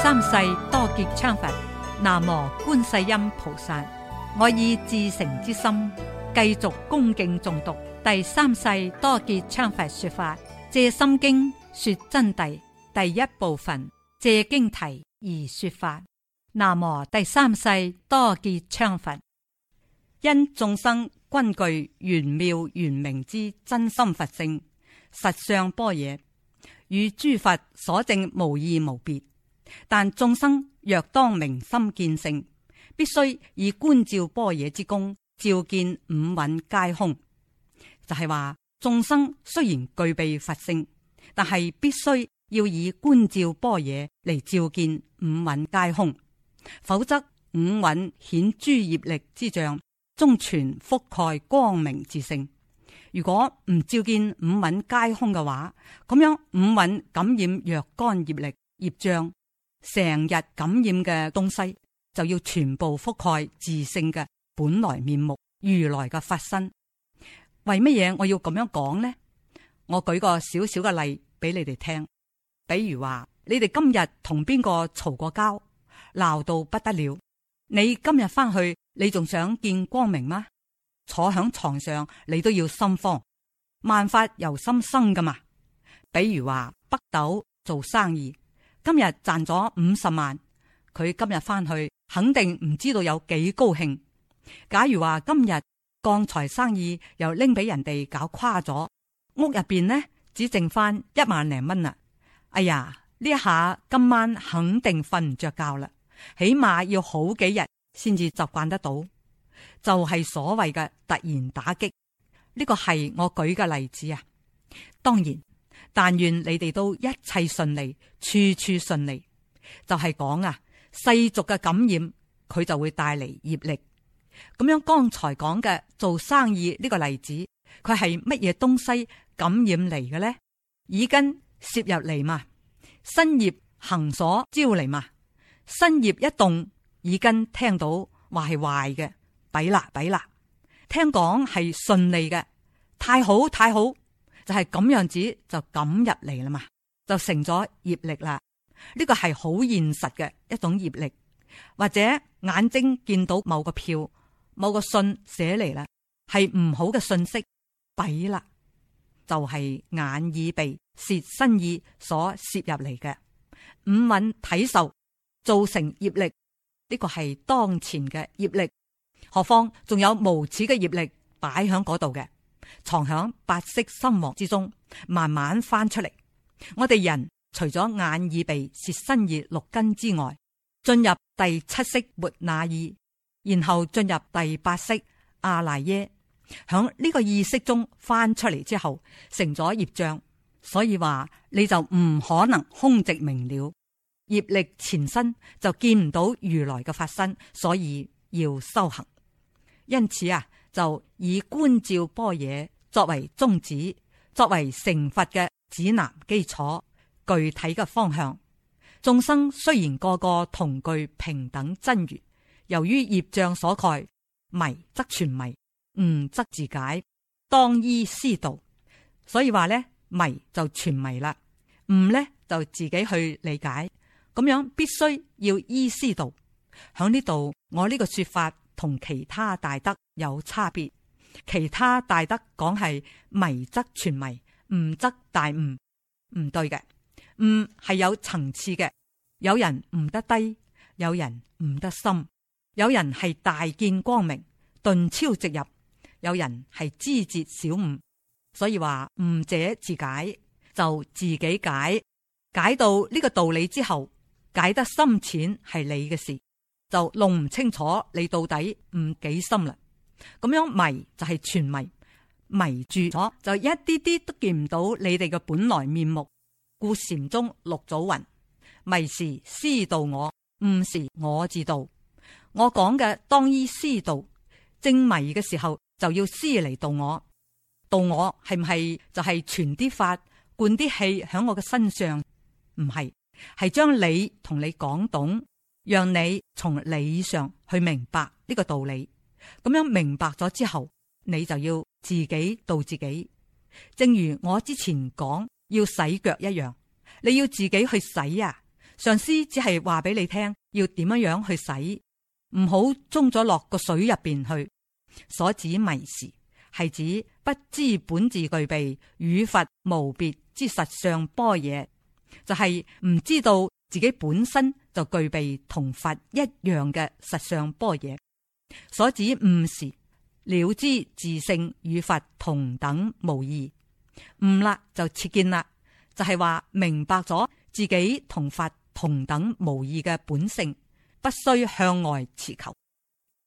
第三世多杰羌佛，南無觀世音菩薩。我以至誠之心，繼續恭敬誦讀《第三世多杰羌佛》說法《借心經》說真諦第一部分《借經題》而說法。南無第三世多杰羌佛。因眾生均具玄妙玄明之真心佛性，實相般若，與諸佛所證無異無別。但眾生若當明心見性，必須以觀照般若之功，照見五蘊皆空。就係話眾生雖然具備佛性，但係必須要以觀照般若嚟照見五蘊皆空，否則五蘊顯諸業力之相，終全覆蓋光明之性。如果唔照見五蘊皆空嘅話，咁樣五蘊感染若干業力業障。成日感染嘅東西就要全部覆蓋自性嘅本來面目，如來嘅法身。為乜嘢我要咁樣講呢？我舉個小小嘅例俾你哋聽，比如話你哋今日同邊個嘈過交，鬧到不得了，你今日翻去，你仲想見光明嗎？坐喺床上，你都要心慌，萬法由心生噶嘛。比如話北斗做生意。今日賺咗五十萬，佢今日翻去肯定唔知道有幾高興。假如話今日鋼材生意又拎俾人哋搞垮咗，屋入邊呢只剩翻一萬零蚊啦。哎呀，呢下今晚肯定瞓唔着覺啦，起碼要好幾日先至習慣得到。就係、是、所謂嘅突然打擊，呢、這個係我舉嘅例子啊。當然。但願你哋都一切順利，處處順利。就係講啊，世俗嘅感染，佢就會帶嚟業力。咁樣剛才講嘅做生意呢個例子，佢係乜嘢東西感染嚟嘅咧？耳根攝入嚟嘛，新業行所招嚟嘛，新業一動，耳根聽到話係壞嘅，弊啦弊啦，聽講係順利嘅，太好太好。就係、是、咁樣子就咁入嚟啦嘛，就成咗業力啦。呢、這個係好現實嘅一種業力，或者眼睛見到某個票、某個信寫嚟啦，係唔好嘅信息，抵啦，就係、是、眼耳鼻舌身意所攝入嚟嘅五蘊體受，造成業力。呢、這個係當前嘅業力，何況仲有無恥嘅業力擺喺嗰度嘅。藏響白色心王之中，慢慢翻出嚟。我哋人除咗眼耳鼻舌身意六根之外，進入第七識末那意，然後進入第八識阿賴耶。響呢個意識中翻出嚟之後，成咗業障，所以話你就唔可能空寂明了業力前身，就見唔到如來嘅法身，所以要修行。因此啊。就以觀照般若作為宗旨，作為成佛嘅指南基礎，具體嘅方向。眾生雖然個個同具平等真如，由於業障所蓋，迷則全迷，悟則自解，當依師道。所以話咧，迷就全迷啦，悟呢，就自己去理解。咁樣必須要依師道。響呢度，我呢個說法同其他大德，有差別，其他大德講係迷則全迷，悟則大悟，唔對嘅，悟係有層次嘅。有人悟得低，有人悟得深，有人係大見光明，頓超直入，有人係枝節小悟。所以話悟者自解，就自己解。解到呢個道理之後，解得深淺係你嘅事，就弄唔清楚你到底悟幾深啦。咁樣迷就係全迷迷住咗，就一啲啲都見唔到你哋嘅本來面目。故禪宗六祖云：迷時師度我，悟時我自度。我講嘅當依師度，正迷嘅時候就要師嚟度我。度我係唔係就係傳啲法灌啲氣響我嘅身上？唔係，係將理同你講懂，讓你從理上去明白呢個道理。咁樣明白咗之後，你就要自己度自己，正如我之前講要洗腳一樣，你要自己去洗啊！上司只係話俾你聽要點樣樣去洗，唔好中咗落個水入邊去。所指迷時，係指不知本自具備與佛無別之實相般若，就係、是、唔知道自己本身就具備同佛一樣嘅實相般若。所指悟是了知自性與佛同等無異，悟啦就切見啦，就係、是、話明白咗自己同佛同等無異嘅本性，不需向外持求。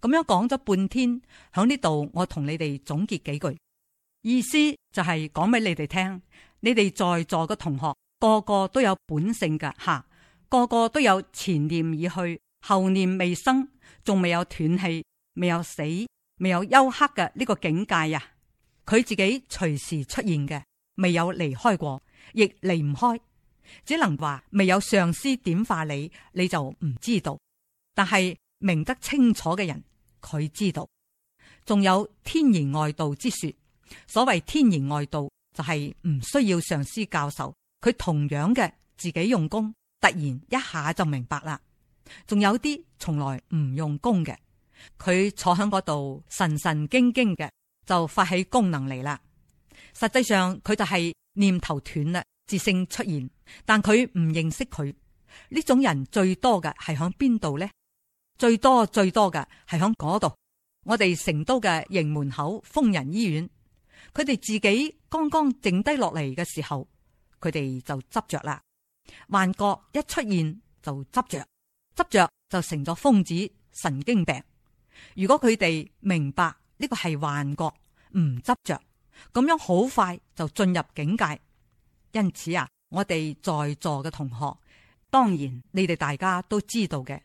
咁樣講咗半天，喺呢度我同你哋總結幾句意思，就係講俾你哋聽，你哋在座嘅同學個個都有本性噶吓、啊，個個都有前念已去，後念未生，仲未有斷氣，未有死，未有休克嘅呢個境界呀！佢自己隨時出現嘅，未有離開過，亦離唔開，只能話未有上師點化你，你就唔知道。但係明得清楚嘅人，佢知道。仲有天然外道之說，所謂天然外道，就係唔需要上師教授，佢同樣嘅自己用功，突然一下就明白啦。仲有啲從來唔用功嘅，佢坐喺嗰度神神經經嘅就發起功能嚟啦。實際上佢就係念頭斷啦，自性出現，但佢唔認識佢，呢種人最多嘅係響邊度呢？最多最多嘅係響嗰度，我哋成都嘅營門口瘋人醫院，佢哋自己剛剛靜低落嚟嘅時候，佢哋就執着啦，幻覺一出現就執着。執着就成咗瘋子、神經病。如果佢哋明白呢個係幻覺，唔執着，咁樣好快就進入境界。因此啊，我哋在座嘅同學，當然你哋大家都知道嘅，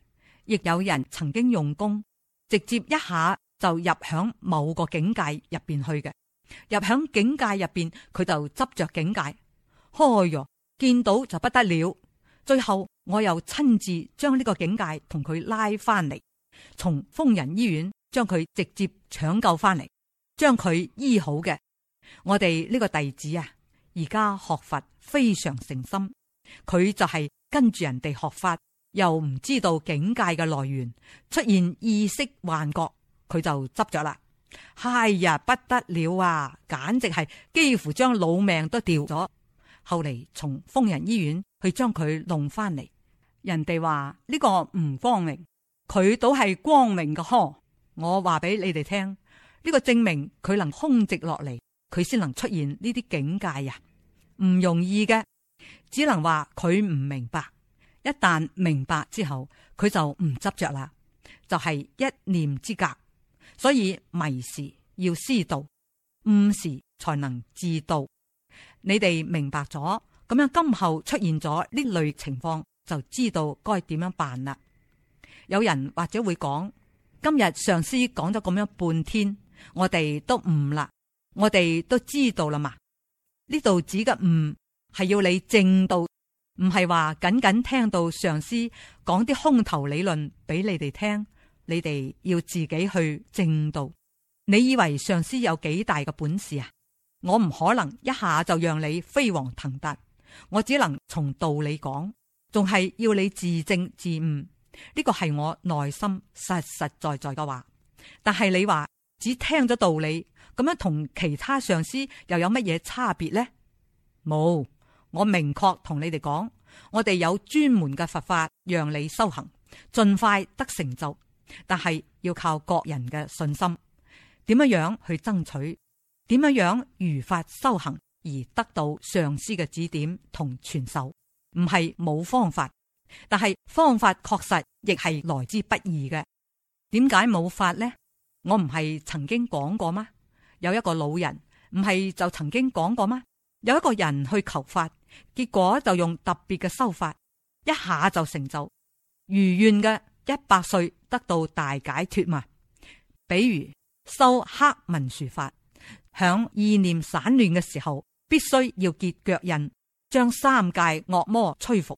亦有人曾經用功，直接一下就入響某個境界入邊去嘅。入響境界入邊，佢就執着境界，開喲，見到就不得了。最後我又親自將呢個境界同佢拉翻嚟，從瘋人醫院將佢直接搶救翻嚟，將佢醫好嘅。我哋呢個弟子啊，而家學佛非常誠心，佢就係跟住人哋學法，又唔知道境界嘅來源，出現意識幻覺，佢就執咗啦。哎呀，不得了啊，簡直係幾乎將老命都掉咗。後嚟從瘋人醫院。去將佢弄翻嚟，人哋話呢個唔光明，佢倒係光明嘅呵。我話俾你哋聽，呢、這個證明佢能空寂落嚟，佢先能出現呢啲境界呀，唔容易嘅，只能話佢唔明白。一旦明白之後，佢就唔執着啦，就係、是、一念之隔。所以迷時要師度，悟時才能自度。你哋明白咗。咁樣，今後出現咗呢類情況，就知道該點樣辦啦。有人或者會講：今日上司講咗咁樣半天，我哋都悟啦，我哋都知道啦嘛。呢度指嘅悟係要你正道，唔係話僅僅聽到上司講啲空頭理論俾你哋聽，你哋要自己去正道。你以為上司有幾大嘅本事啊？我唔可能一下就讓你飛黃騰達。我只能從道理講，仲係要你自證自悟，呢個係我內心實實在在嘅話。但係你話只聽咗道理，咁樣同其他上司又有乜嘢差別呢？冇，我明確同你哋講，我哋有專門嘅佛法讓你修行，盡快得成就。但係要靠各人嘅信心，點樣樣去爭取，點樣樣如法修行。而得到上師嘅指點同傳授，唔係冇方法，但係方法確實亦係來之不易嘅。點解冇法呢？我唔係曾經講過嗎？有一個老人唔係就曾經講過嗎？有一個人去求法，結果就用特別嘅修法，一下就成就如願嘅一百歲，得到大解脫嘛。比如修黑文殊法，響意念散亂嘅時候。必須要結腳印，將三界惡魔摧伏，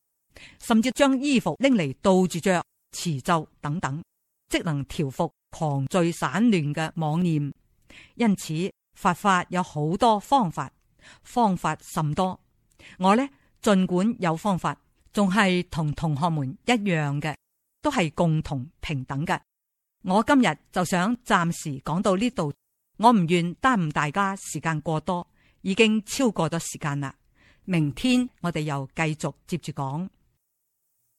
甚至將衣服拎嚟倒住着持咒等等，即能調伏狂醉散亂嘅妄念。因此，佛法，法有好多方法，方法甚多。我呢，盡管有方法，仲係同同學們一樣嘅，都係共同平等嘅。我今日就想暫時講到呢度，我唔願耽誤大家時間過多。已經超過咗時間啦，明天我哋又繼續接住講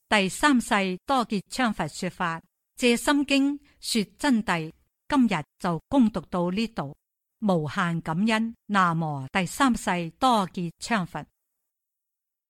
第三世多杰羌佛說法《藉心經》說真諦，今日就恭讀到呢度，無限感恩，南無第三世多杰羌佛。